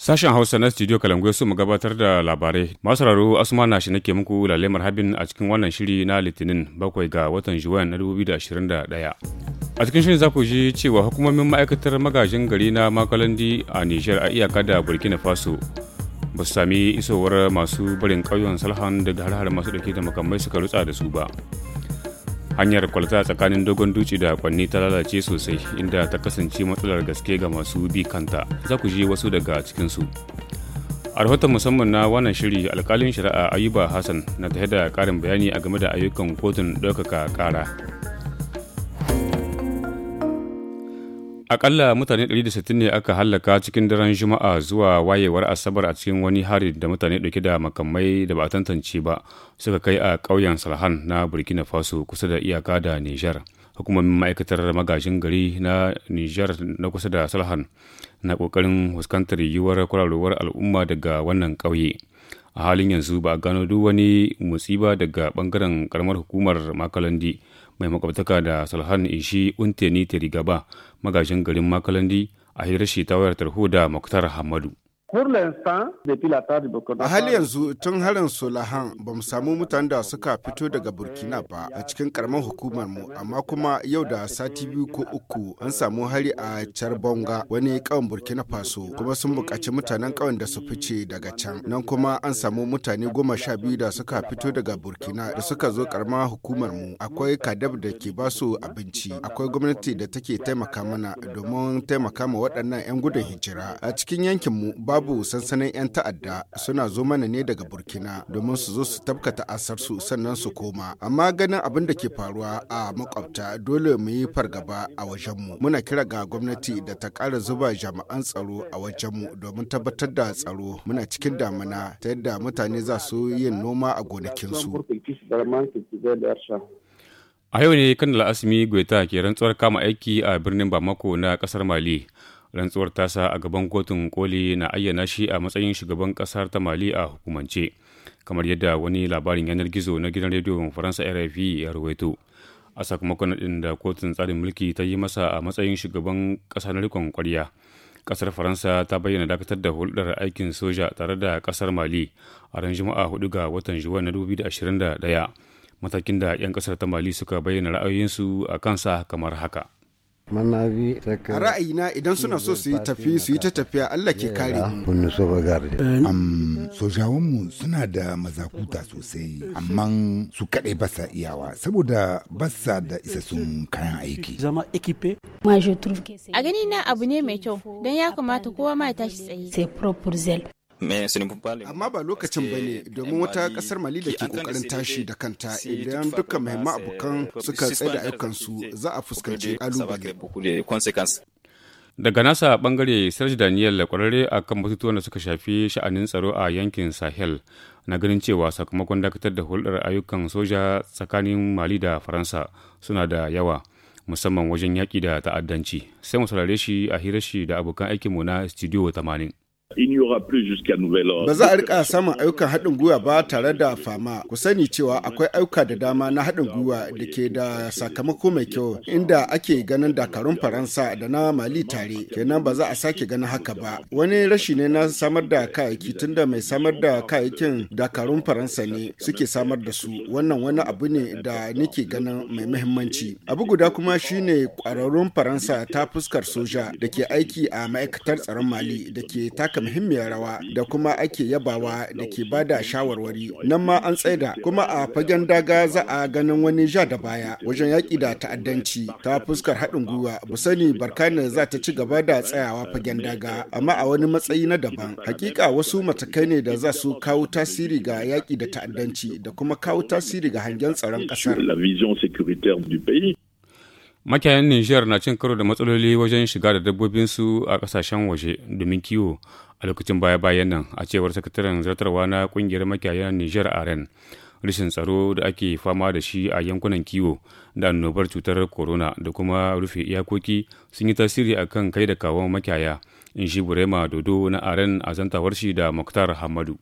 Sashen Hausa na Studio Kalangoyo su mu gabatar da labarai. Masu raro Asuma na shi nake muku lalemar habin a cikin wannan shiri na Litinin bakwai ga watan Juwan na 2021. A cikin shirin za ku ji cewa hukumomin ma'aikatar magajin gari na Makalandi a Nijar a iyaka da Burkina Faso ba su sami isowar masu barin ƙauyen Salhan daga har masu ɗauke da makamai suka rutsa da su ba. hanyar kwalta tsakanin dogon duci da kwanni ta lalace sosai inda ta kasance matsalar gaske ga masu bi kanta za ku je wasu daga cikinsu a rahoton musamman na wannan shiri alkalin shari'a ayuba hassan na tare da karin bayani a game da ayyukan kotun ɗaukaka ƙara Akalla mutane 160 ne aka hallaka cikin daren Juma'a zuwa wayewar Asabar a cikin wani hari da mutane dauke da makamai da ba a tantance ba suka kai a ƙauyen Salhan na Burkina Faso kusa da iyaka da Nijar. Hukumomin ma'aikatar magajin gari na Nijar na kusa da Salhan na ƙoƙarin fuskantar yiwuwar kwararowar al'umma daga wannan ƙauye. A halin yanzu ba a gano duk wani musiba daga ɓangaren ƙaramar hukumar Makalandi. mai makwabtaka da salhan ishi unteni terigaba magajin garin makalandi a hirar shi ta wayar tarho da muktar hamadu A hali yanzu tun harin Solahan ba mu samu mutanen da suka fito daga Burkina ba a cikin karamar hukumar mu amma kuma yau da sati biyu ko uku an samu hari a Charbonga wani kawan Burkina Faso kuma sun bukaci mutanen kawan da su fice daga can. Nan kuma an samu mutane goma sha biyu da suka fito daga Burkina da suka zo karamar hukumar mu akwai kadab da ke ba su abinci akwai gwamnati da take taimaka mana domin taimaka ma waɗannan 'yan gudun hijira a cikin yankin mu babu babu sansanin 'yan ta'adda suna zo mana ne daga burkina domin su zo su tabkata asarsu sannan su koma amma ganin abin da ke faruwa a makwabta dole mu yi fargaba a wajenmu muna kira ga gwamnati da ta ƙara zuba jami'an tsaro a wajenmu domin tabbatar da tsaro muna cikin damina ta yadda mutane za su yin noma a gonakinsu a yau ne kan la'asmi gweta ke rantsuwar kama aiki a birnin bamako na kasar mali rantsuwar tasa a gaban kotun koli na ayyana shi a matsayin shugaban kasar ta mali a hukumance kamar yadda wani labarin yanar gizo na gidan rediyon faransa rfi ya ruwaito a sakamakon ɗin da kotun tsarin mulki ta yi masa a matsayin shugaban ƙasa na rikon kwarya ƙasar faransa ta bayyana dakatar da hulɗar aikin soja tare da kasar mali a ran juma'a hudu ga watan juwan na 2021 matakin da 'yan kasar ta mali suka bayyana ra'ayoyinsu a kansa kamar haka ra'ayi ra'ayina idan suna so su yi tafi su yi ta tafiya Allah ke kare mu. Am mu suna da mazakuta sosai amma su kaɗai ba sa iyawa saboda ba sa da isassun kayan aiki. Zama ekipe. A gani na abu ne mai kyau don ya kamata kowa ma ya tashi tsaye. amma ba lokacin ba ne domin wata kasar mali da ke kokarin tashi da kanta idan dukkan muhimman abokan suka tsaye da ayyukansu za a fuskanci kalubale daga nasa bangare serge daniel kwararre a kan batutuwan da suka shafi sha'anin tsaro a yankin sahel na ganin cewa sakamakon dakatar da hulɗar ayyukan soja tsakanin mali da faransa suna da yawa musamman wajen yaƙi da ta'addanci sai mu saurare shi a hirar shi da abokan aikinmu na studio 80 In plus jusqu'à nouvel ordre. Ba za a rika samun ayyukan haɗin gwiwa ba tare da fama. Ku sani cewa akwai ayyuka da dama na haɗin gwiwa da ke da sakamako mai kyau inda ake ganin dakarun Faransa da na Mali tare. Kenan ba za a sake ganin haka ba. Wani rashi ne na samar da kayayyaki tunda mai samar da kayayyakin dakarun Faransa ne suke samar da su. Wannan wani abu ne da nake ganin mai muhimmanci. Abu guda kuma shine ƙwararrun Faransa ta fuskar soja da ke aiki a ma'aikatar tsaron Mali da ke taka taka muhimmiyar rawa da kuma ake yabawa da ke ba da shawarwari nan ma an tsaida kuma a fagen daga za a ganin wani ja da baya wajen yaƙi da ta'addanci ta fuskar haɗin gwiwa sani barkanar za ta ci gaba da tsayawa fagen daga amma a wani matsayi na daban hakika wasu matakai ne da za su kawo tasiri ga yaƙi da ta'addanci da kuma kawo tasiri ga hangen tsaron ƙasar makiyayin nijar na cin karo da matsaloli wajen shiga da dabbobinsu a kasashen waje domin kiwo a lokacin baya-bayan nan a cewar sakataren zartarwa na kungiyar makiyayin nijar a rashin tsaro da ake fama da shi a yankunan kiwo da annobar cutar corona da kuma rufe iyakoki sun yi tasiri a kan kai da kawon makiyaya in shi burema dodo na aren a zantawar shi da muktar hamadu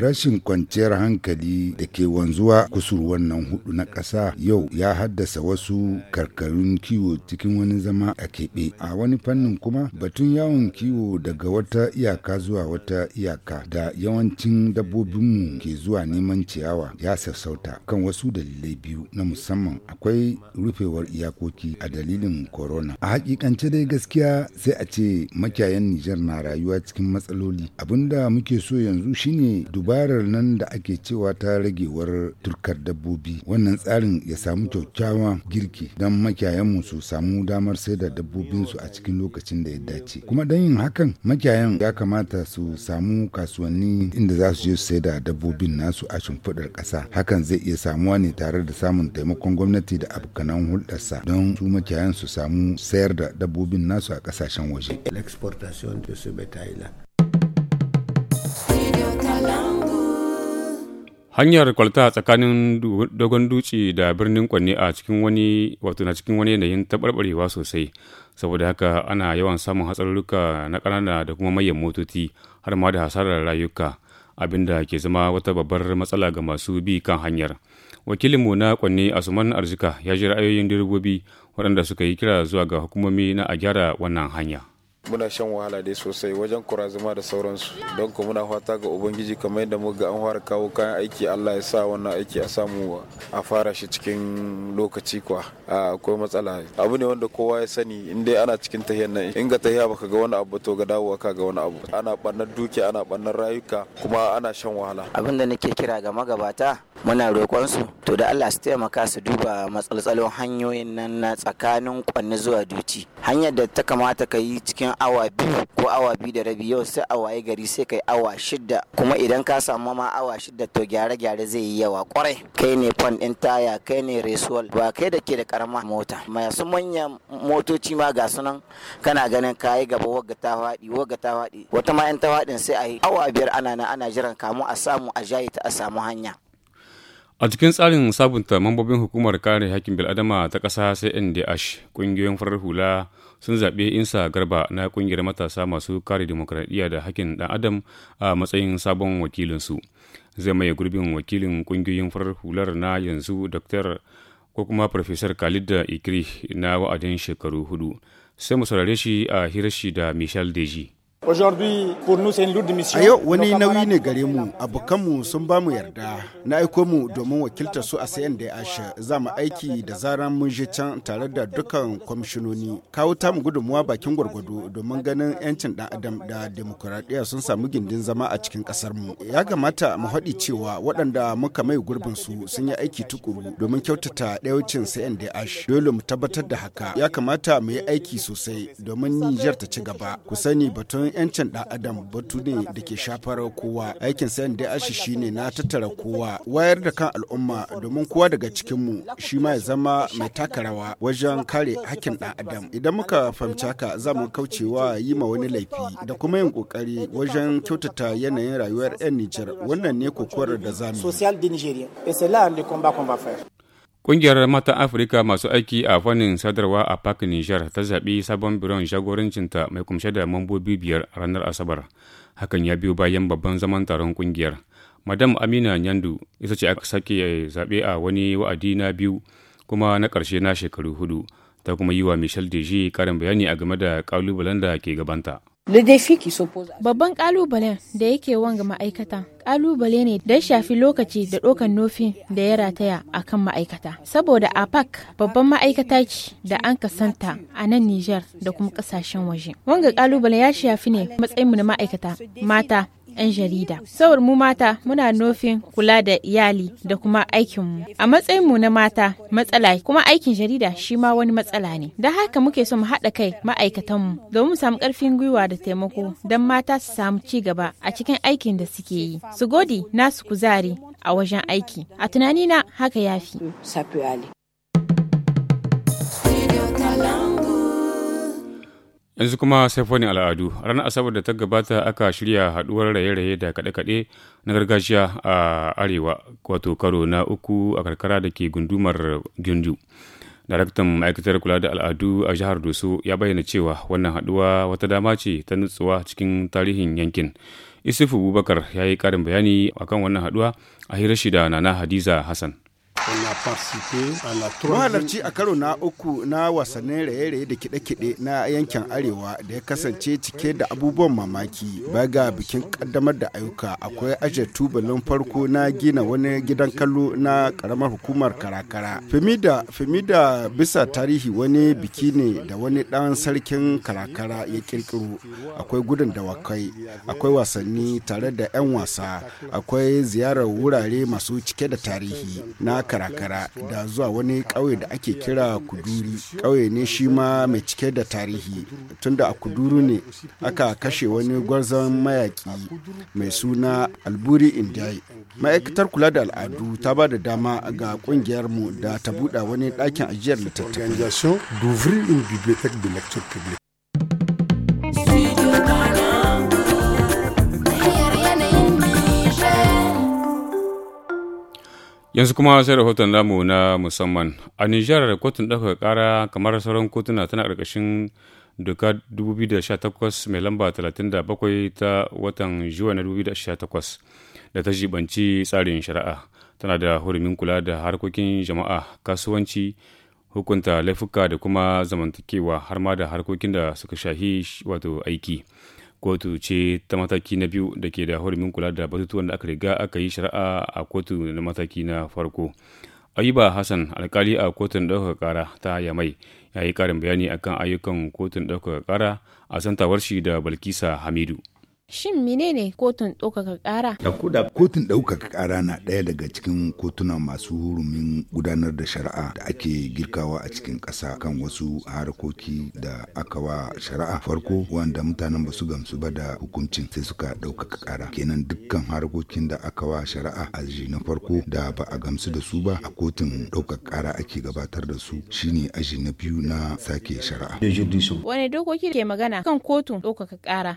Rashin kwanciyar hankali da ke wanzuwa kusur wannan hudu na ƙasa yau ya haddasa wasu karkarun kiwo cikin wani zama a keɓe. A wani fannin kuma batun yawon kiwo daga wata iyaka zuwa wata iyaka da yawancin dabbobinmu ke zuwa neman ciyawa ya sassauta kan wasu dalilai biyu na musamman akwai rufewar iyakoki a dalilin corona. A hakikance dai gaskiya sai a ce makiyayan Nijar na rayuwa cikin matsaloli abinda muke so yanzu shine dubarar nan da ake cewa ta ragewar turkar dabbobi wannan tsarin ya samu kyakkyawa girki don makiyayanmu su samu damar sai da dabbobinsu a cikin lokacin da ya dace kuma don yin hakan makiyayan ya kamata su samu kasuwanni inda za su je su sai da dabbobin nasu a shimfiɗar ƙasa hakan zai iya samuwa ne tare da samun taimakon gwamnati da abokanan hulɗarsa don su makiyayan su samu sayar da dabbobin nasu a ƙasashen waje. L'exportation de ce bétail-là. hanyar kwalta tsakanin dogon dutse da birnin kwanne a cikin wani wato na cikin wani yanayin taɓarɓarewa sosai saboda haka ana yawan samun hatsarurruka na ƙanana da kuma manyan motoci har ma da hasarar rayuka abinda ke zama wata babbar matsala ga masu bi kan hanyar wakilinmu na kwanne asuman arzika ya ji ra'ayoyin direbobi waɗanda suka yi kira zuwa ga hukumomi na a gyara wannan hanya muna shan wahala dai sosai wajen kurazuma da sauransu don ku muna fata ga ubangiji kamar yadda muka an fara kawo kayan aiki allah ya sa wannan aiki a samu a fara shi cikin lokaci kuwa akwai matsala abu ne wanda kowa ya sani in dai ana cikin tahiyar nan in ga tahiya baka ga wani abu to ga dawowa ka ga wani abu ana bannar duki ana bannar rayuka kuma ana shan wahala Abinda da nake kira ga magabata muna roƙon su to da Allah su taimaka su duba matsaltsalon hanyoyin nan na tsakanin kwanni zuwa duci hanyar da ta kamata ka yi cikin awa biyu ko awa biyu da rabi yau sai a waye gari sai kai awa shida kuma idan ka samu ma awa shida to gyare-gyare zai yi yawa kwarai kai ne fan ɗin taya kai ne resuwal ba kai da ke da karama mota masu manyan motoci ma ga sunan kana ganin kayi gaba wagga ta faɗi wagga ta faɗi wata ma 'yan ta faɗin sai a yi awa biyar ana na ana jiran kamu a samu a jayi ta a samu hanya A cikin tsarin sabunta mambobin hukumar kare hakkin bil'adama ta ƙasa sai NDH ƙungiyoyin farar hula sun zaɓi Insa Garba na ƙungiyar matasa masu kare demokradiyya da hakkin ɗan adam a matsayin sabon wakilinsu. Zai mai gurbin wakilin ƙungiyoyin farar hular na yanzu Dr. ko kuma Farfesar Khalid Ikri na wa'adin shekaru hudu. Sai mu saurare shi a hirashi da Michel Deji. A yau wani nauyi ne gare mu, abokanmu sun ba mu yarda na aiko mu domin wakiltar su a sayan da ashe za mu aiki da zaran mun je can tare da dukan kwamishinoni. Kawo ta mu gudunmuwa bakin gwargwado domin ganin 'yancin dan adam da demokuraɗiyya sun samu gindin zama a cikin ƙasar mu. Ya kamata mu haɗi cewa waɗanda muka mai gurbin su sun yi aiki tukuru domin kyautata ɗayaucin sayan da Dole mu tabbatar da haka. Ya kamata mu yi aiki sosai domin Nijar ta ci gaba. Ku sani batun 'yancin ɗan adam batu ne da ke shafar kowa aikin sayan da ashi shine na tattara kowa wayar da kan al'umma domin kowa daga cikinmu shi ma ya zama mai taka rawa wajen kare hakkin ɗan adam idan muka fahimci haka za mu kaucewa yi ma wani laifi da kuma yin kokari wajen kyautata yanayin rayuwar 'yan nijar wannan ne kokowar da za mu. yi. Ƙungiyar matan Afirka masu aiki a fannin sadarwa a Park Niger ta zaɓi sabon biron jagorancinta mai kumshe da mambobi biyar ranar Asabar. Hakan ya biyo bayan babban zaman taron ƙungiyar. Madam Amina Nyandu ita ce aka sake zaɓe a wani wa'adi na biyu kuma na ƙarshe na shekaru hudu. Ta kuma yi wa Michel Deji ƙarin bayani a game da ƙalubalen da ke gabanta. Babban ƙalubalen da yake wanga ma'aikata ƙalubale ne da ya shafi lokaci da ɗaukan nofin da ya rataya a kan ma'aikata. Saboda a APAC babban ma'aikata ce da an kasanta a nan Nijar da kuma ƙasashen waje. Wanga ƙalubale ya shafi ne matsayinmu na ma'aikata mata 'yan jarida. sawar mu mata muna nufin kula da iyali da kuma aikinmu. A matsayin mu na mata matsala kuma aikin jarida shi ma wani matsala ne. Da haka muke so mu haɗa kai ma'aikatanmu domin mu samu ƙarfin gwiwa da taimako don mata su samu ci gaba a cikin aikin da suke yi. Su gode nasu kuzari a wajen aiki. A tunanina haka ya fi. yanzu kuma sai al'adu ranar asabar da ta gabata aka shirya haduwar raye-raye da kaɗe-kaɗe na gargajiya a arewa wato karo na uku a karkara da ke gundumar gindu daraktan ma'aikatar kula da al'adu a jihar doso ya bayyana cewa wannan haduwa wata dama ce ta nutsuwa cikin tarihin yankin isufu bubakar ya yi karin bayani akan wannan haduwa a hirar shida na nana hadiza hassan Mahalarci a karo na uku na wasannin raye-raye da kiɗe-kiɗe na yankin Arewa da ya kasance cike da abubuwan mamaki. Baga bikin kaddamar da ayyuka akwai aje tubalin farko na gina wani gidan kallo na karamar hukumar karakara. Femida, Femida bisa tarihi wani biki ne da wani ɗan sarkin karakara ya kirkiro. Akwai gudun dawakai, akwai wasanni tare da 'yan wasa, akwai ziyarar wurare masu cike da tarihi. Na karakara da zuwa wani ƙauye da ake kira kuduri ƙauye ne shi ma mai cike da tarihi tunda a kuduru ne aka kashe wani gwarzon mayaki mai suna alburi indiyai ma'aikatar kula da al'adu ta ba da dama ga kungiyar mu da ta buɗe wani ɗakin ajiyar littattafai yanzu kuma sai rahoton namu na musamman a nijar kotun ɗaukaka kara kamar sauran kotuna tana ƙarƙashin doka 2018 mai lamba 37 ta watan juwa na 2018 da ta jibanci tsarin shari'a tana da hurumin kula da harkokin jama'a kasuwanci hukunta laifuka da kuma zamantakewa har ma da harkokin da suka shahi wato aiki kotu ce ta mataki na biyu da ke da hurumin kula da batutuwan da aka riga aka yi shari'a a kotu na mataki na farko ayuba hassan alkali a kotun ɗaukar ƙara ta yamai ya yi ƙarin bayani akan ayyukan kotun ɗaukar ƙara a santawar shi da balkisa hamidu Shin menene kotun ɗaukaka ƙara? Kotun ɗaukaka ƙara na ɗaya daga cikin kotuna masu hurumin gudanar da shari'a da ake girkawa a cikin ƙasa kan wasu harkoki da aka wa shari'a farko wanda mutanen ba su gamsu ba da hukuncin sai suka ɗaukaka ƙara. Kenan dukkan harkokin da aka wa shari'a aji na farko da ba a gamsu da su ba a kotun ɗaukaka ƙara ake gabatar da su shine aji na biyu na sake shari'a. Wane dokoki ke magana kan kotun ɗaukaka ƙara?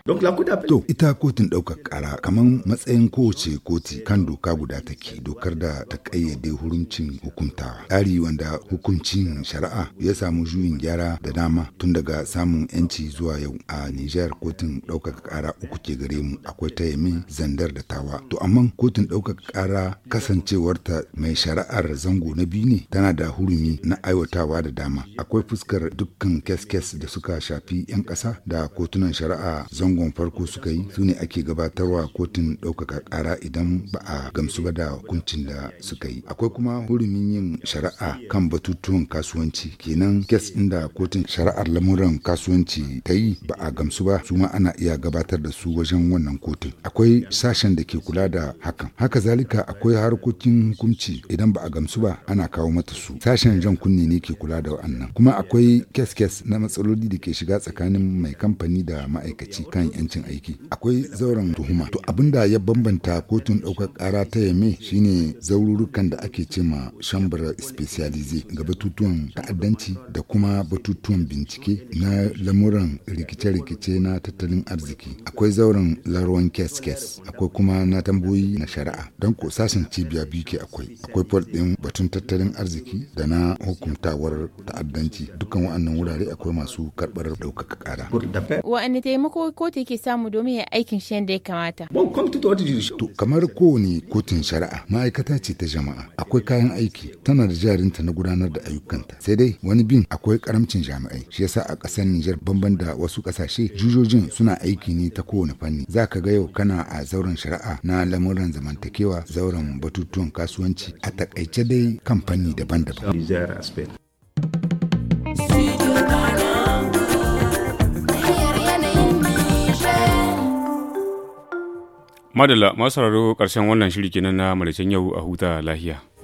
ita kotun ɗaukar ƙara kamar matsayin kowace koti kan doka guda take dokar da ta ƙayyade hurumcin hukunta. tsari wanda hukuncin shari'a ya samu juyin gyara da dama tun daga samun yanci zuwa yau a nijar kotun ɗaukar ƙara uku ke gare mu akwai ta yami zandar da tawa to amma kotun ɗaukar ƙara kasancewarta mai shari'ar zango na biyu ne tana da hurumi na aiwatawa da dama akwai fuskar dukkan kes-kes da suka shafi 'yan ƙasa da kotunan shari'a zangon farko suka yi su ne ake gabatarwa kotun ɗaukaka ƙara idan ba a gamsu ba da hukuncin da suka yi akwai kuma hurumin yin shari'a kan batutuwan kasuwanci kenan kes inda kotun shari'ar lamuran kasuwanci ta yi ba a gamsu ba su ma ana iya gabatar da su wajen wannan kotun akwai sashen da ke kula da hakan haka zalika akwai harkokin hukunci idan ba a gamsu ba ana kawo mata su sashen jan kunne ne ke kula da wannan. kuma akwai kes-kes na matsaloli da ke shiga tsakanin mai kamfani da ma'aikaci kan 'yancin aiki akwai zauren tuhuma to abin da ya bambanta kotun ɗaukar kara ta yame shine zaururukan da ake ma shambar specialize ga batutuwan ta'addanci da kuma batutuwan bincike na lamuran rikice-rikice na tattalin arziki akwai zauren larwan kes-kes akwai kuma na tambayoyi na shari'a don ko sashen cibiya biyu ke akwai akwai fol ɗin batun tattalin arziki da na hukuntawar ta'addanci dukkan wa'annan wurare akwai masu karɓar ɗaukaka ƙara. Wa'anne taimako kotu yake samu domin ya aikin shi yadda ya kamata. To kamar kowane kotun shari'a ma'aikata ce ta jama'a akwai kayan aiki tana da jarinta na gudanar da ayyukanta sai dai wani bin akwai karamcin jami'ai shi yasa a ƙasar Nijar banban da wasu ƙasashe jujojin suna aiki ne ta kowane fanni za ka ga yau kana a zauren shari'a na lamuran zamantakewa zauren batutuwan kasuwanci a takaice dai kan fanni daban-daban. Madalla masu sauraro ƙarshen wannan shiri kenan na Maraicen yau a huta lahiya.